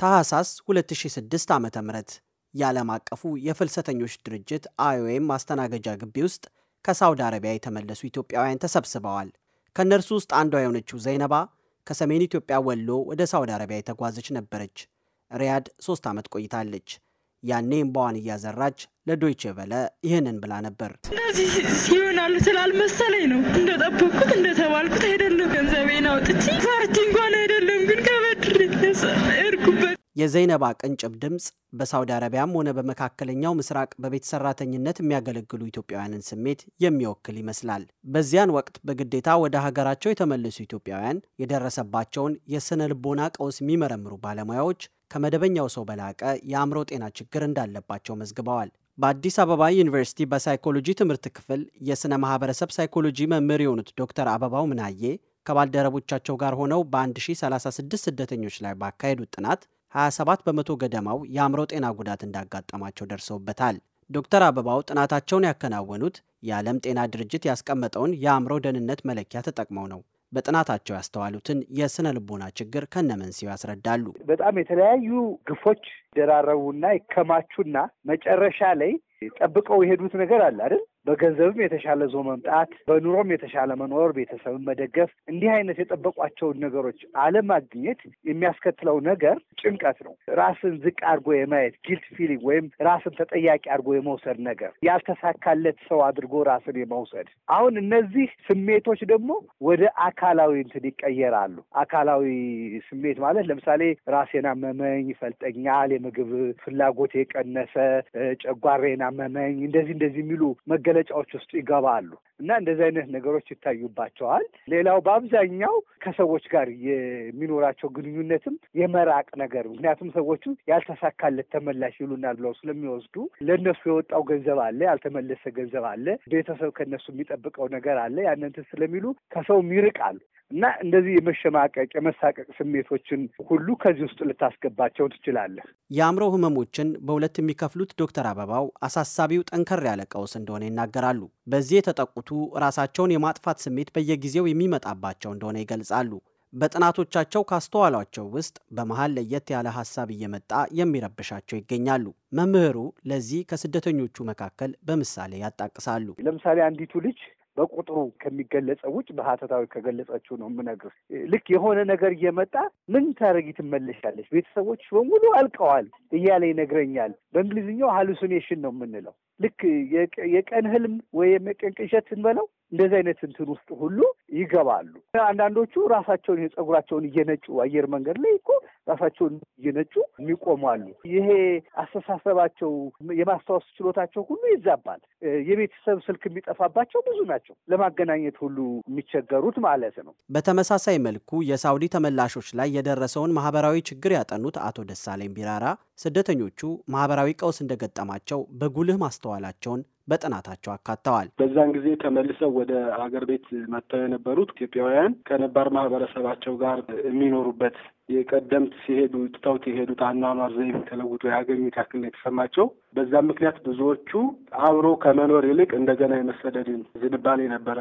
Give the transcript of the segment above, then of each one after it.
ታህሳስ 2006 ዓ ም የዓለም አቀፉ የፍልሰተኞች ድርጅት አይኦኤም ማስተናገጃ ግቢ ውስጥ ከሳውዲ አረቢያ የተመለሱ ኢትዮጵያውያን ተሰብስበዋል። ከእነርሱ ውስጥ አንዷ የሆነችው ዘይነባ ከሰሜን ኢትዮጵያ ወሎ ወደ ሳውዲ አረቢያ የተጓዘች ነበረች። ሪያድ ሶስት ዓመት ቆይታለች። ያኔ እምባዋን እያዘራች ለዶይቼ በለ ይህንን ብላ ነበር። እነዚህ ይሆናሉ ስላልመሰለኝ ነው እንደጠበቅኩት እንደተባልኩት አይደለም። ገንዘቤን አውጥቼ ፓርቲ እንኳን አይደለም ግን የዘይነብ የዘይነባ ቅንጭብ ድምፅ በሳውዲ አረቢያም ሆነ በመካከለኛው ምስራቅ በቤት ሰራተኝነት የሚያገለግሉ ኢትዮጵያውያንን ስሜት የሚወክል ይመስላል። በዚያን ወቅት በግዴታ ወደ ሀገራቸው የተመለሱ ኢትዮጵያውያን የደረሰባቸውን የስነ ልቦና ቀውስ የሚመረምሩ ባለሙያዎች ከመደበኛው ሰው በላቀ የአእምሮ ጤና ችግር እንዳለባቸው መዝግበዋል። በአዲስ አበባ ዩኒቨርሲቲ በሳይኮሎጂ ትምህርት ክፍል የሥነ ማህበረሰብ ሳይኮሎጂ መምህር የሆኑት ዶክተር አበባው ምናዬ ከባልደረቦቻቸው ጋር ሆነው በ1036 ስደተኞች ላይ ባካሄዱት ጥናት 27 በመቶ ገደማው የአእምሮ ጤና ጉዳት እንዳጋጠማቸው ደርሰውበታል። ዶክተር አበባው ጥናታቸውን ያከናወኑት የዓለም ጤና ድርጅት ያስቀመጠውን የአእምሮ ደህንነት መለኪያ ተጠቅመው ነው። በጥናታቸው ያስተዋሉትን የስነ ልቦና ችግር ከነመንስኤው ያስረዳሉ። በጣም የተለያዩ ግፎች ደራረቡና ይከማቹና መጨረሻ ላይ ጠብቀው የሄዱት ነገር አለ አይደል? በገንዘብም የተሻለ ዞ መምጣት፣ በኑሮም የተሻለ መኖር፣ ቤተሰብን መደገፍ፣ እንዲህ አይነት የጠበቋቸውን ነገሮች አለማግኘት የሚያስከትለው ነገር ጭንቀት ነው። ራስን ዝቅ አድርጎ የማየት ጊልት ፊሊንግ ወይም ራስን ተጠያቂ አድርጎ የመውሰድ ነገር፣ ያልተሳካለት ሰው አድርጎ ራስን የመውሰድ አሁን እነዚህ ስሜቶች ደግሞ ወደ አካላዊ እንትን ይቀየራሉ። አካላዊ ስሜት ማለት ለምሳሌ ራሴን አመመኝ፣ ይፈልጠኛል፣ የምግብ ፍላጎት የቀነሰ፣ ጨጓራዬን አመመኝ፣ እንደዚህ እንደዚህ የሚሉ መገ መገለጫዎች ውስጥ ይገባሉ እና እንደዚህ አይነት ነገሮች ይታዩባቸዋል። ሌላው በአብዛኛው ከሰዎች ጋር የሚኖራቸው ግንኙነትም የመራቅ ነገር፣ ምክንያቱም ሰዎቹ ያልተሳካለት ተመላሽ ይሉናል ብለው ስለሚወስዱ ለእነሱ የወጣው ገንዘብ አለ፣ ያልተመለሰ ገንዘብ አለ፣ ቤተሰብ ከነሱ የሚጠብቀው ነገር አለ። ያንን ስለሚሉ ከሰውም ይርቃሉ። እና እንደዚህ የመሸማቀቅ የመሳቀቅ ስሜቶችን ሁሉ ከዚህ ውስጥ ልታስገባቸው ትችላለህ። የአእምሮ ህመሞችን በሁለት የሚከፍሉት ዶክተር አበባው አሳሳቢው ጠንከር ያለ ቀውስ እንደሆነ ይናገራሉ። በዚህ የተጠቁቱ ራሳቸውን የማጥፋት ስሜት በየጊዜው የሚመጣባቸው እንደሆነ ይገልጻሉ። በጥናቶቻቸው ካስተዋሏቸው ውስጥ በመሀል ለየት ያለ ሀሳብ እየመጣ የሚረብሻቸው ይገኛሉ። መምህሩ ለዚህ ከስደተኞቹ መካከል በምሳሌ ያጣቅሳሉ። ለምሳሌ አንዲቱ ልጅ በቁጥሩ ከሚገለጸው ውጭ በሀተታዊ ከገለጸችው ነው የምነግር። ልክ የሆነ ነገር እየመጣ ምን ታደረጊ ትመለሻለች፣ ቤተሰቦች በሙሉ አልቀዋል እያለ ይነግረኛል። በእንግሊዝኛው ሀሉሲኔሽን ነው የምንለው። ልክ የቀን ህልም ወይም የቀን ቅዠት ስንበለው እንደዚህ አይነት እንትን ውስጥ ሁሉ ይገባሉ። አንዳንዶቹ ራሳቸውን የጸጉራቸውን እየነጩ አየር መንገድ ላይ እኮ ራሳቸውን እየነጩ የሚቆሙ አሉ። ይሄ አስተሳሰባቸው የማስታወስ ችሎታቸው ሁሉ ይዛባል። የቤተሰብ ስልክ የሚጠፋባቸው ብዙ ናቸው። ለማገናኘት ሁሉ የሚቸገሩት ማለት ነው። በተመሳሳይ መልኩ የሳውዲ ተመላሾች ላይ የደረሰውን ማህበራዊ ችግር ያጠኑት አቶ ደሳለኝ ቢራራ ስደተኞቹ ማህበራዊ ቀውስ እንደገጠማቸው በጉልህ ማስተዋል ማስተዋላቸውን በጥናታቸው አካተዋል። በዛን ጊዜ ተመልሰው ወደ አገር ቤት መጥተው የነበሩት ኢትዮጵያውያን ከነባር ማህበረሰባቸው ጋር የሚኖሩበት የቀደምት ሲሄዱ ትተውት የሄዱት አኗኗር ዘይቤ ተለውጦ ያገኙት ያክል ነው የተሰማቸው። በዛም ምክንያት ብዙዎቹ አብሮ ከመኖር ይልቅ እንደገና የመሰደድን ዝንባሌ ነበረ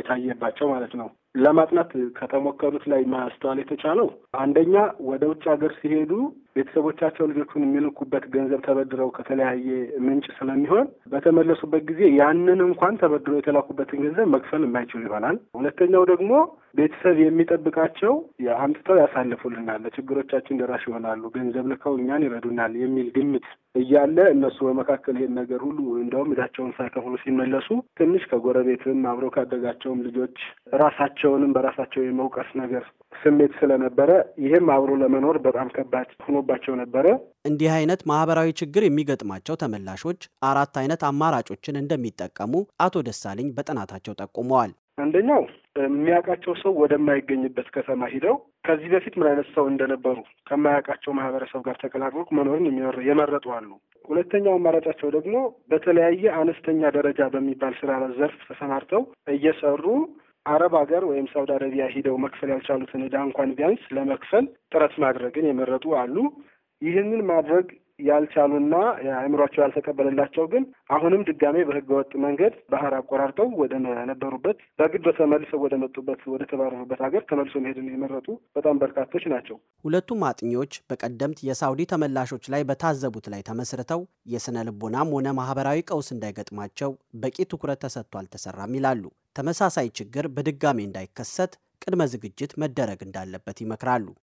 የታየባቸው ማለት ነው። ለማጥናት ከተሞከሩት ላይ ማስተዋል የተቻለው አንደኛ ወደ ውጭ ሀገር ሲሄዱ ቤተሰቦቻቸው ልጆቹን የሚልኩበት ገንዘብ ተበድረው ከተለያየ ምንጭ ስለሚሆን በተመለሱበት ጊዜ ያንን እንኳን ተበድረው የተላኩበትን ገንዘብ መክፈል የማይችሉ ይሆናል። ሁለተኛው ደግሞ ቤተሰብ የሚጠብቃቸው አምጥተው ያሳልፉልናል፣ ለችግሮቻችን ደራሽ ይሆናሉ፣ ገንዘብ ልከው እኛን ይረዱናል የሚል ግምት እያለ እነሱ በመካከል ይሄን ነገር ሁሉ እንደውም እዳቸውን ሳይከፍሉ ሲመለሱ ትንሽ ከጎረቤትም አብረው ካደጋቸውም ልጆች ራሳቸውንም በራሳቸው የመውቀስ ነገር ስሜት ስለነበረ ይህም አብሮ ለመኖር በጣም ከባድ ሆኖባቸው ነበረ። እንዲህ አይነት ማህበራዊ ችግር የሚገጥማቸው ተመላሾች አራት አይነት አማራጮችን እንደሚጠቀሙ አቶ ደሳለኝ በጥናታቸው ጠቁመዋል። አንደኛው የሚያውቃቸው ሰው ወደማይገኝበት ከተማ ሂደው ከዚህ በፊት ምን አይነት ሰው እንደነበሩ ከማያውቃቸው ማህበረሰብ ጋር ተቀላቅሎ መኖርን የመረጡ አሉ። ሁለተኛው አማራጫቸው ደግሞ በተለያየ አነስተኛ ደረጃ በሚባል ስራ ዘርፍ ተሰማርተው እየሰሩ አረብ ሀገር ወይም ሳውዲ አረቢያ ሂደው መክፈል ያልቻሉትን ዕዳ እንኳን ቢያንስ ለመክፈል ጥረት ማድረግን የመረጡ አሉ። ይህንን ማድረግ ያልቻሉና አእምሯቸው ያልተቀበለላቸው ግን አሁንም ድጋሜ በህገወጥ መንገድ ባህር አቆራርጠው ወደ ነበሩበት በግድ በተመልሰው ወደ መጡበት ወደ ተባረሩበት ሀገር ተመልሶ መሄድን የመረጡ በጣም በርካቶች ናቸው። ሁለቱም አጥኚዎች በቀደምት የሳውዲ ተመላሾች ላይ በታዘቡት ላይ ተመስርተው የስነ ልቦናም ሆነ ማህበራዊ ቀውስ እንዳይገጥማቸው በቂ ትኩረት ተሰጥቶ አልተሰራም ይላሉ። ተመሳሳይ ችግር በድጋሜ እንዳይከሰት ቅድመ ዝግጅት መደረግ እንዳለበት ይመክራሉ።